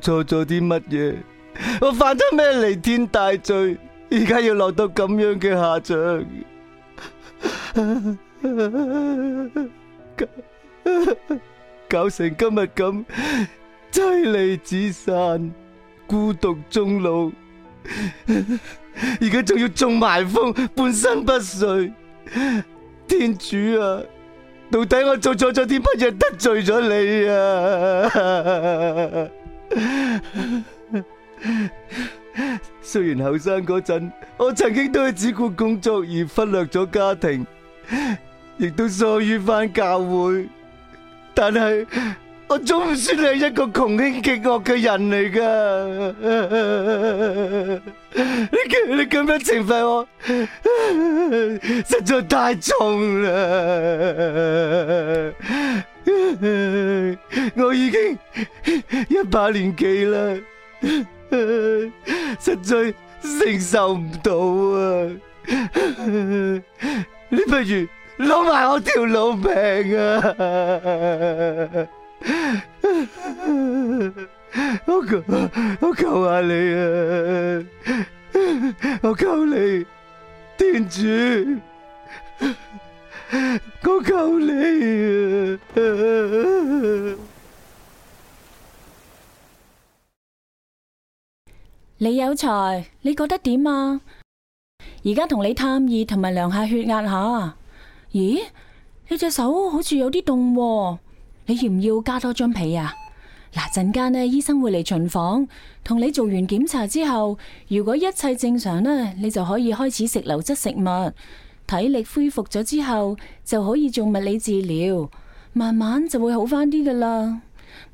做咗啲乜嘢？我犯咗咩彌天大罪？而家要落到咁樣嘅下場，啊啊，搞成今日咁妻離子散，孤獨終老，而家仲要中埋風，半身不遂。天主啊，到底我做錯咗啲乜嘢得罪咗你啊？ 雖然後生嗰陣，我曾經都係只顧工作而忽略咗家庭，亦都疏於翻教會，但係我總唔算係一個窮凶極惡嘅人嚟噶。你你咁樣懲罰我，實在太重啦！我已經一把年紀啦，實在承受唔到啊！你不如攞埋我條老命啊！我我求下你啊！我求，求你，天主。我救你、啊、你李有財，你覺得點啊？而家同你探熱同埋量下血壓下。咦，你隻手好似有啲凍，你要唔要加多張被啊？嗱陣間呢，醫生會嚟，巡房，同你做完檢查之後，如果一切正常呢，你就可以開始食流質食物。體力恢復咗之後，就可以做物理治療，慢慢就會好翻啲噶啦。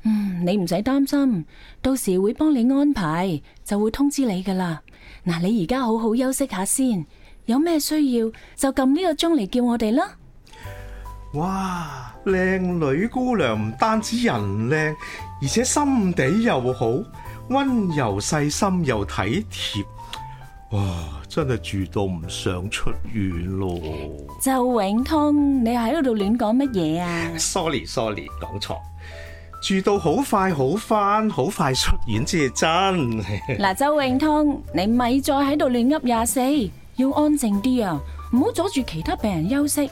嗯，你唔使擔心，到時會幫你安排，就會通知你噶啦。嗱，你而家好好休息下先，有咩需要就撳呢個鐘嚟叫我哋啦。哇，靚女姑娘唔單止人靚，而且心地又好，溫柔細心又體貼。哇！真係住到唔想出院咯，周永通，你喺度亂講乜嘢啊？Sorry，Sorry，講 sorry，錯，住到好快好返，好快出院先係真。嗱， 周永通，你咪再喺度亂噏廿四，要安靜啲啊！唔好阻住其他病人休息。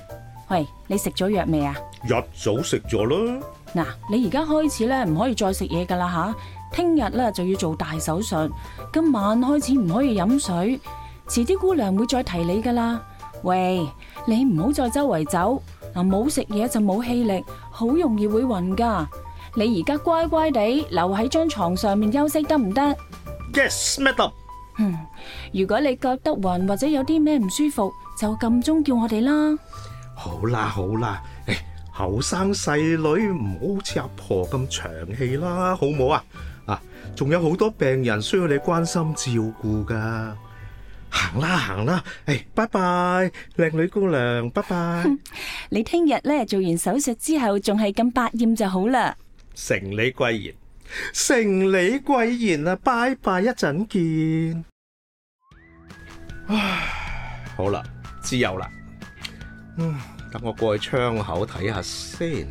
喂，你食咗藥未啊？一早食咗啦。嗱，你而家開始咧，唔可以再食嘢噶啦吓。聽日啦就要做大手術，今晚開始唔可以飲水，遲啲姑娘會再提你噶啦。喂，你唔好再周圍走，嗱冇食嘢就冇氣力，好容易會暈噶。你而家乖乖地留喺張床上面休息得唔得？Yes，Madam。行行 yes, Madam. 嗯，如果你覺得暈或者有啲咩唔舒服，就撳鐘叫我哋啦。好啦好啦，誒，後生細女唔好似阿婆咁長氣啦，好唔好啊？仲有好多病人需要你關心照顧噶，行啦行啦，誒，拜拜，靚女姑娘，拜拜。你聽日咧做完手術之後仲係咁百厭就好啦。承你貴言，承你貴言啊，拜拜，一陣見。唉，好啦，自由啦，嗯，等我過去窗口睇下先。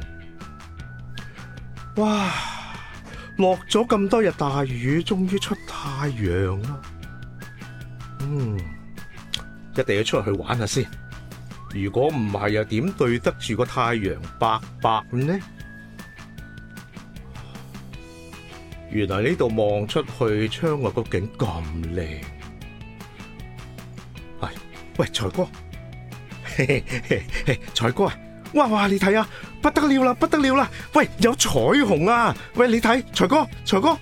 哇！落咗咁多日大雨，終於出太陽啦！嗯，一定要出去玩下先。如果唔係，又點對得住個太陽伯伯呢？原來呢度望出去窗外個景咁靚。係、哎、喂，財哥，財哥嘿嘿嘿啊！哇哇！你睇啊，不得了啦，不得了啦！喂，有彩虹啊！喂，你睇，財哥，財哥，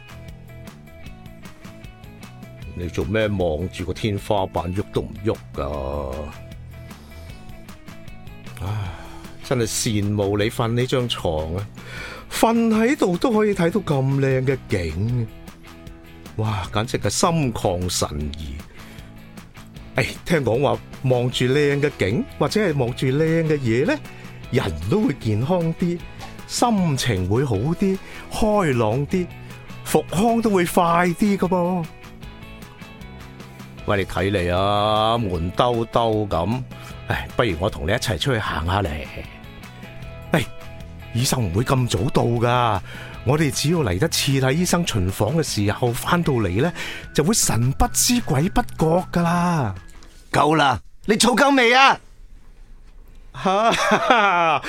你做咩望住個天花板喐都唔喐㗎？唉、啊，真係羨慕你瞓呢張床啊！瞓喺度都可以睇到咁靚嘅景，哇，簡直係心曠神怡！唉、哎，聽講話望住靚嘅景，或者係望住靚嘅嘢咧？人都會健康啲，心情會好啲，開朗啲，復康都會快啲噶噃。喂，你睇你啊，悶兜兜咁，唉，不如我同你一齊出去行下嚟。唉，醫生唔會咁早到噶，我哋只要嚟得次睇醫生巡房嘅時候，翻到嚟咧就會神不知鬼不覺噶啦。夠啦，你吵夠未啊？哈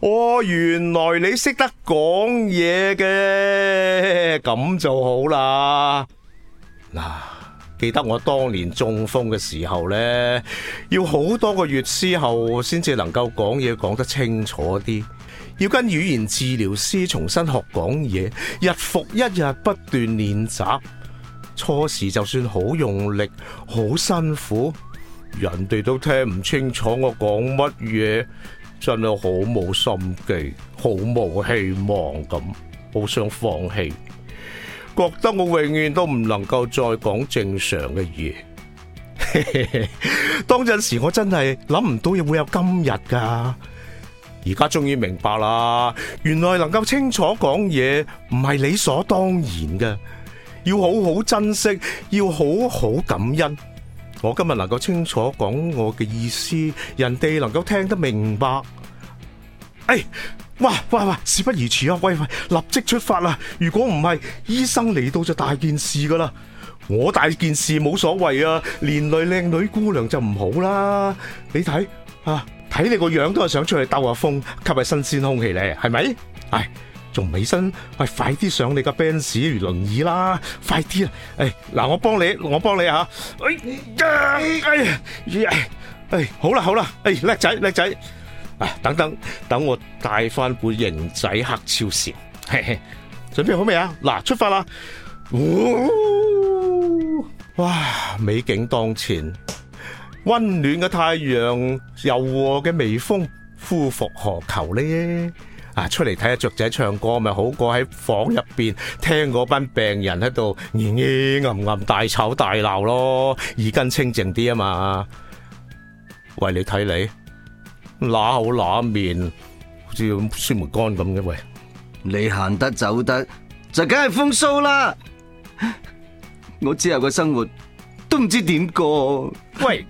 我、 哦、原來你識得講嘢嘅，咁就好啦。嗱、啊，記得我當年中風嘅時候呢，要好多個月之後先至能夠講嘢講得清楚啲，要跟語言治療師重新學講嘢，日復一日不斷練習，初時就算好用力，好辛苦。人哋都聽唔清楚我講乜嘢，真係好冇心機，好冇希望咁，好想放棄，覺得我永遠都唔能夠再講正常嘅嘢。 當陣時我真係諗唔到會有今日噶。而家終於明白啦，原來能夠清楚講嘢唔係理所當然嘅，要好好珍惜，要好好感恩。我今日能夠清楚講我嘅意思，人哋能夠聽得明白。哎，哇哇哇！事不宜遲啊，喂喂，立即出發啦！如果唔係，醫生嚟到就大件事噶啦。我大件事冇所謂啊，連累靚女姑娘就唔好啦。你睇啊，睇你個樣都係想出去兜下風，吸下新鮮空氣咧，係咪？哎。仲未身？喂、啊，快啲上你架奔馳輪椅啦！Compl、Denmark, 快啲、哎、啊！誒，嗱，我幫你，我幫你啊！哎啊哎，呃 mhm, 哎，好啦，好啦，哎，叻仔，叻仔！啊，等等，等我帶翻本型仔黑超先，Hag Hag Hag、 準備好未啊？嗱，出發啦！哇，美景當前，溫暖嘅太陽，柔和嘅微風，夫復何求呢？啊！出嚟睇下雀仔唱歌，咪好過喺房入邊聽嗰班病人喺度暗暗大吵大鬧咯，耳根清淨啲啊嘛！喂，你睇你，乸好乸面，好似酸梅乾咁嘅。喂，你行得走得就梗係風騷啦！我之後嘅生活都唔知點過，喂，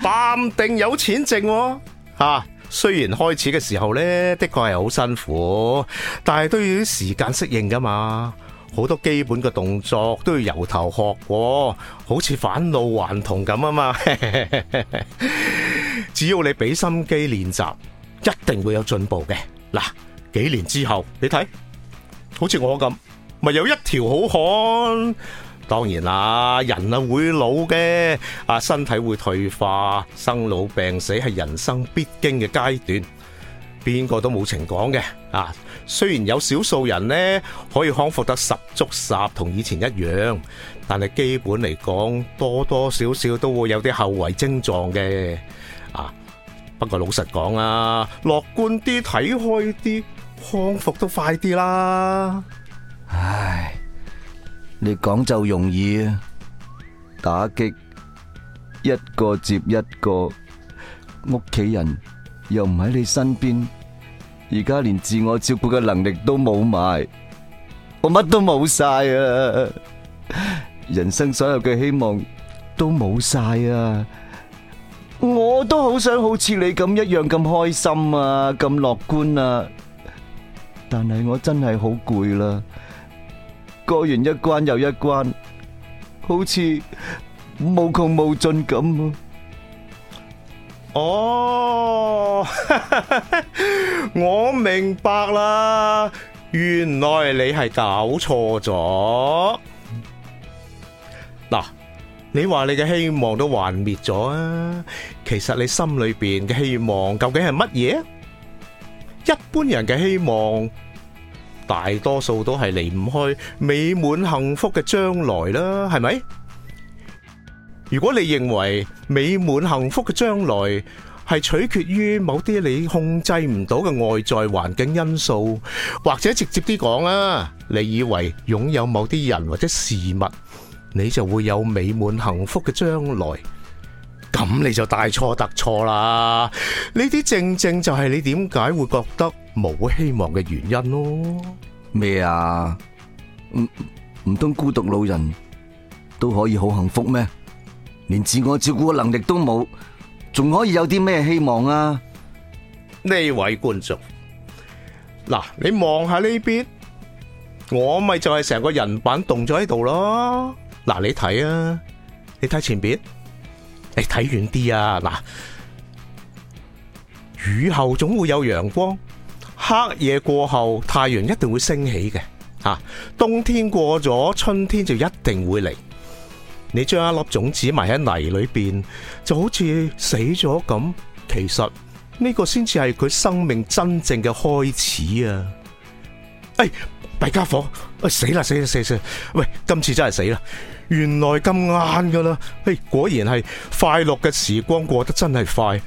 肯 定有錢剩喎，啊，吓，啊！雖然開始嘅時候呢，的確係好辛苦，但係都要時間適應噶嘛，好多基本嘅動作都要由頭學過，好似返老還童咁啊嘛！ 只要你俾心機練習，一定會有進步嘅。嗱，幾年之後，你睇，好似我咁，咪有一條好漢。當然啦，人啊會老嘅，啊身體會退化，生老病死係人生必經嘅階段，邊個都冇情講嘅。啊，雖然有少數人呢可以康復得十足十同以前一樣，但係基本嚟講，多多少少都會有啲後遺症狀嘅。啊，不過老實講啊，樂觀啲睇開啲，康復都快啲啦。你講就容易啊打擊！打擊一個接一個，屋企人又唔喺你身邊，而家連自我照顧嘅能力都冇埋，我乜都冇晒啊！人生所有嘅希望都冇晒啊！我都好想好似你咁一樣咁開心啊，咁樂觀啊，但係我真係好攰啦。過完一關又一關，好似無窮無盡咁啊！哦， 我明白啦，原來你係搞錯咗。嗱，你話你嘅希望都幻滅咗啊？其實你心裏邊嘅希望究竟係乜嘢？一般人嘅希望。大多數都係離唔開美滿幸福嘅將來啦，係咪？如果你認為美滿幸福嘅將來係取決於某啲你控制唔到嘅外在環境因素，或者直接啲講啊，你以為擁有某啲人或者事物，你就會有美滿幸福嘅將來，咁你就大錯特錯啦！呢啲正正就係你點解會覺得？冇希望嘅原因咯？咩啊？唔唔通孤獨老人都可以好幸福咩？連自我照顧嘅能力都冇，仲可以有啲咩希望啊？呢位觀眾，嗱，你望下呢邊，我咪就係成個人板動咗喺度咯。嗱，你睇啊，你睇前邊，你睇遠啲啊。嗱，雨後總會有陽光。黑夜過後，太陽一定會升起嘅。吓、啊，冬天過咗，春天就一定會嚟。你將一粒種子埋喺泥裏邊，就好似死咗咁。其實呢、這個先至係佢生命真正嘅開始啊！哎，弊家伙、哎，死啦死啦死啦！喂，今次真係死啦！原來咁晏噶啦！哎，果然係快樂嘅時光過得真係快。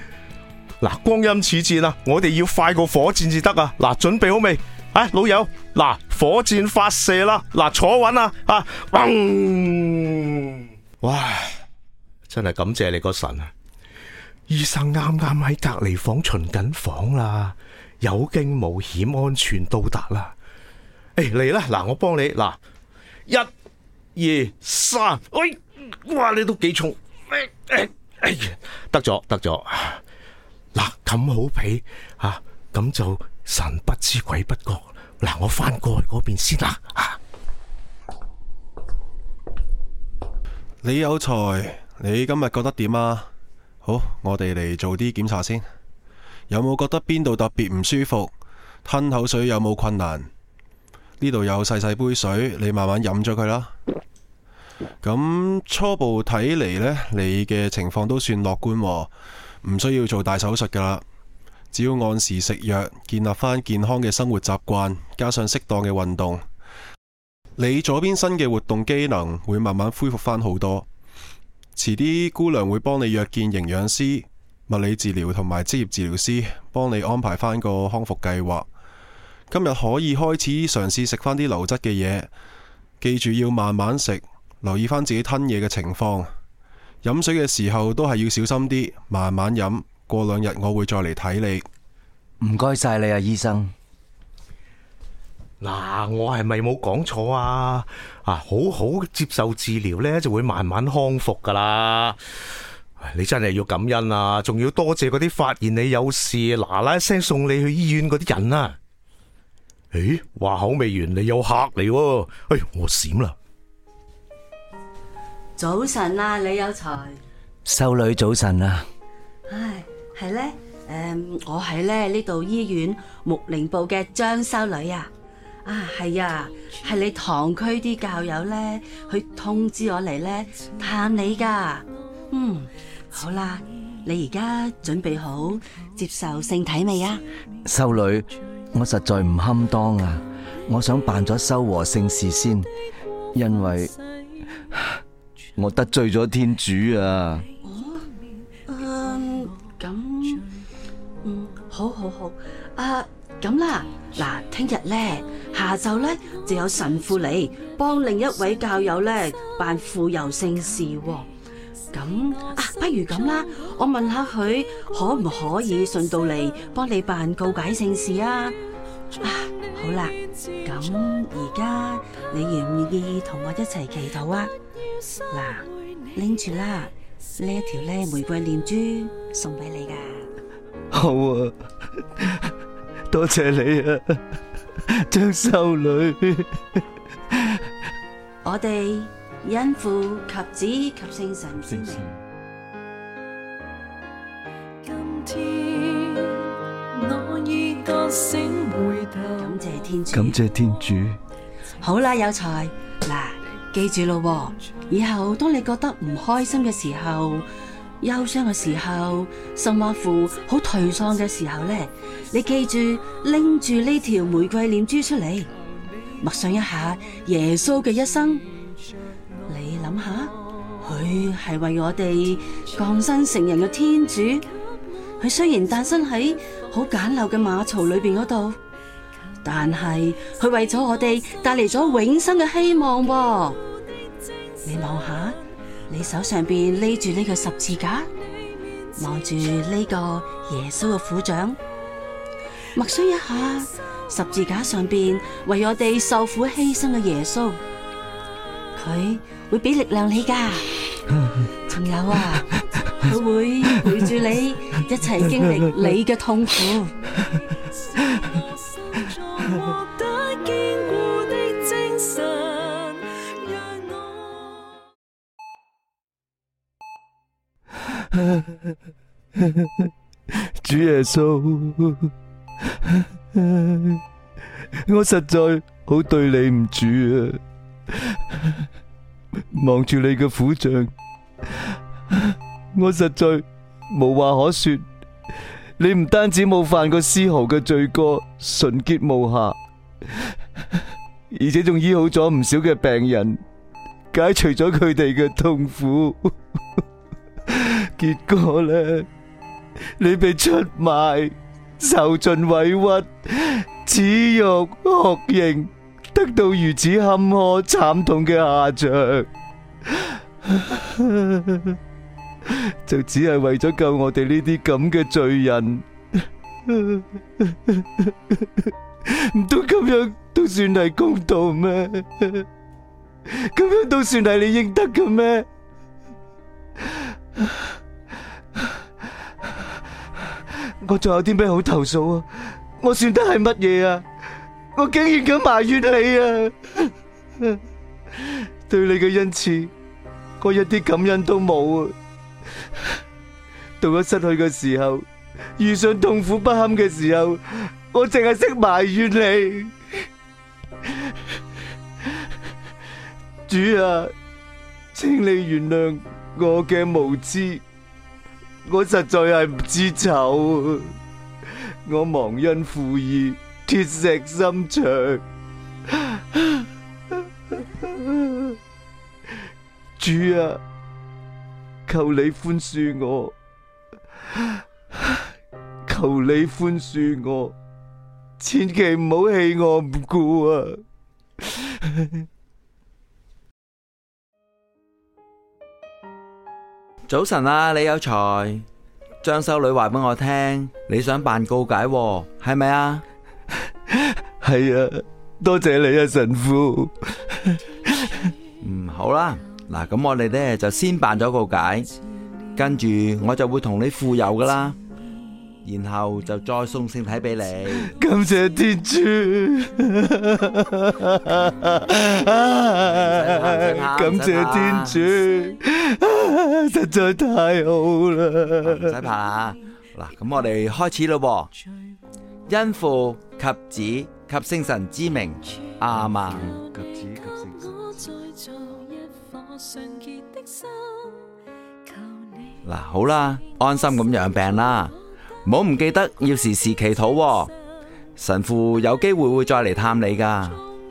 嗱，光陰似箭啊！我哋要快過火箭至得啊！嗱，準備好未？啊、哎，老友，嗱，火箭發射啦！嗱，坐穩啦啊，嘣、啊！呃、哇，真係感謝你個神啊！醫生啱啱喺隔離房巡緊房啦，有驚無險，安全到達啦！誒、哎，嚟啦！嗱，我幫你嗱，一二三，喂、哎，哇，你都幾重？誒、哎、誒、哎、得咗得咗。嗱，冚好被，吓、啊、咁就神不知鬼不覺。嗱、啊，我翻過去嗰邊先啦。李、啊、有財，你今日覺得點啊？好，我哋嚟做啲檢查先，有冇覺得邊度特別唔舒服？吞口水有冇困難？呢度有細細杯水，你慢慢飲咗佢啦。咁初步睇嚟呢，你嘅情況都算樂觀。唔需要做大手術噶啦，只要按時食藥，建立返健康嘅生活習慣，加上適當嘅運動，你左邊身嘅活動機能會慢慢恢復返好多。遲啲姑娘會幫你約見營養師、物理治療同埋職業治療師，幫你安排返個康復計劃。今日可以開始嘗試食返啲流質嘅嘢，記住要慢慢食，留意返自己吞嘢嘅情況。飲水嘅時候都係要小心啲，慢慢飲。過兩日我會再嚟睇你。唔該晒你啊，醫生。嗱，我係咪冇講錯啊？啊，好好接受治療呢，就會慢慢康復噶啦。你真係要感恩啊，仲要多謝嗰啲發現你有事嗱嗱聲送你去醫院嗰啲人啊。誒，話口未完，你有客嚟喎。哎，我閃啦。早晨,早晨啊，李有財，修女早晨啊！唉，係咧，誒、嗯，我喺咧呢度醫院牧靈部嘅張修女啊！啊，係啊，係你堂區啲教友咧去通知我嚟咧探你噶。嗯，好啦，你而家準備好接受聖體未啊？修女，我實在唔堪當啊！我想辦咗修和聖事先，因為。我得罪咗天主啊！哦，嗯，咁，嗯，好好好，啊，咁啦，嗱，聽日咧，下晝咧就有神父嚟幫另一位教友咧辦傅油聖事，咁啊，不如咁啦，我問下佢可唔可以順道嚟幫你辦告解聖事啊？啊，好啦，咁而家你願唔願意同我一齊祈禱啊？嗱，拎住啦！呢一條咧玫瑰念珠送俾你噶。好啊，多謝你啊，張修女， 我哋因父及子及聖神。天 感謝天主，感謝天主。好啦，有財。嗱。記住咯，以後當你覺得唔開心嘅時候，憂傷嘅時候，甚至好頹喪嘅時候咧，你記住拎住呢條玫瑰念珠出嚟，默想一下耶穌嘅一生。你諗下，佢係為我哋降生成人嘅天主，佢雖然誕生喺好簡陋嘅馬槽裏邊嗰度，但係佢為咗我哋帶嚟咗永生嘅希望噃。你望下，你手上邊拎住呢個十字架，望住呢個耶穌嘅苦像，默想一下十字架上邊為我哋受苦犧牲嘅耶穌，佢會俾力量你㗎，仲 有啊，佢會陪住你一齊經歷你嘅痛苦。 主耶穌，我實在好對你唔住啊！望住你嘅苦像，我實在無話可說。你唔單止冇犯過絲毫嘅罪過，純潔無瑕，而且仲醫好咗唔少嘅病人，解除咗佢哋嘅痛苦。結果咧，你被出賣，受盡委屈、恥辱酷刑，得到如此坎坷慘痛嘅下場，就只係為咗救我哋呢啲咁嘅罪人，唔通咁樣都算係公道咩？咁樣都算係你應得嘅咩？我仲有啲咩好投訴啊？我算得係乜嘢啊？我竟然咁埋怨你啊！對你嘅恩賜，我一啲感恩都冇啊！到咗失去嘅時候，遇上痛苦不堪嘅時候，我淨係識埋怨你。主啊，請你原諒我嘅無知。我實在係唔知醜啊！我忘恩負義，鐵石心腸。 主啊，求你寬恕我，求你寬恕我，千祈唔好棄我唔顧啊！ 早晨啊，李有財，張修女話俾我聽，你想辦告解係咪啊？係 啊，多謝你啊神父。 嗯，好啦，嗱咁我哋咧就先辦咗告解，跟住我就會同你傅油㗎喇。然後就再送聖體俾你。感謝天主，感謝天主，實在太好啦！唔使怕啊，嗱，咁我哋開始咯，因父及子及聖神之名，阿及及子曼。嗱，好啦，安心咁養病啦。唔好唔記得要時時祈禱，神父有機會會再嚟探你㗎。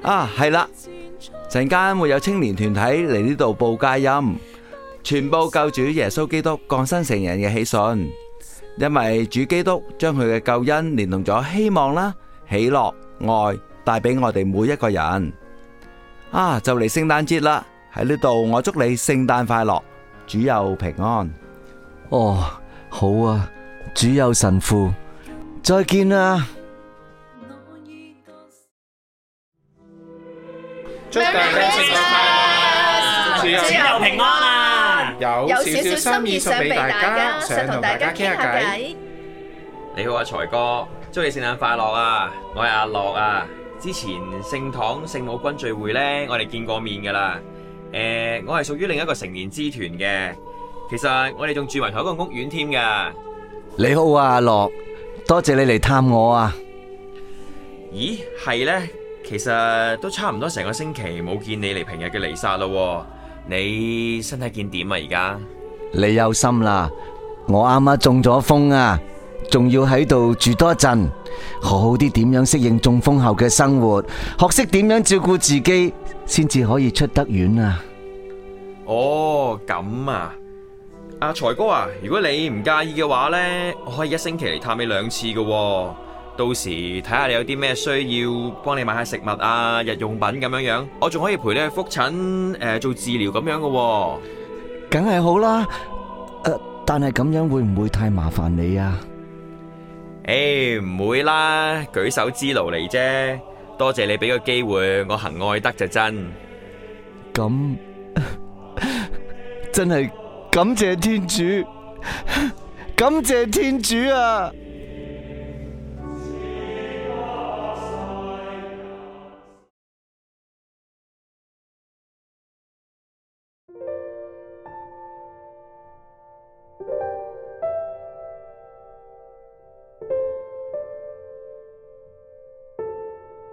啊，係啦，陣間會有青年團體嚟呢度報佳音，全部救主耶穌基督降生成人嘅喜訊，因為主基督將佢嘅救恩連同咗希望啦、喜樂、愛帶俾我哋每一個人。啊，就嚟聖誕節啦，喺呢度我祝你聖誕快樂，主佑平安。哦，好啊。主有神父，再見啦！祝大家聖誕，主有平安啊！有有少少心意想俾大家，想同大家傾下偈。你好啊，財哥，祝你聖誕快樂啊！我係阿樂啊。之前聖堂聖母軍聚會咧，我哋見過面噶啦。誒，我係屬於另一個成年支團嘅，其實我哋仲住埋同一個屋苑添噶。你好啊，阿樂，多謝你嚟探我啊！咦，係咧，其實都差唔多成個星期冇見你嚟平日嘅離沙啦，你身體健點啊？而家你有心啦，我啱啱中咗風啊，仲要喺度住多陣，好好啲點樣適應中風後嘅生活，學識點樣照顧自己，先至可以出得院啊！哦，咁啊！阿財哥啊，如果你唔介意嘅話呢，我可以一星期嚟探你兩次嘅、哦，到時睇下你有啲咩需要，幫你買下食物啊、日用品咁樣樣，我仲可以陪你去復診，誒、呃、做治療咁樣嘅、哦，梗係好啦。呃、但係咁樣會唔會太麻煩你啊？誒、欸，唔會啦，舉手之勞嚟啫。多謝你俾個機會，我行愛德就真。咁 真係。感謝天主，感謝天主啊！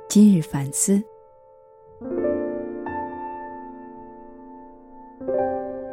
今日反思。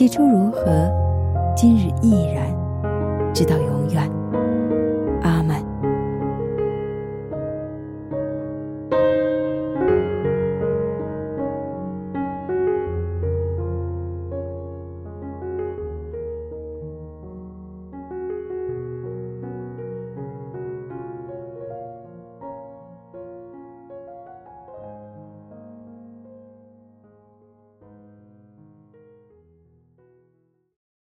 起初如何，今日依然，直到永遠。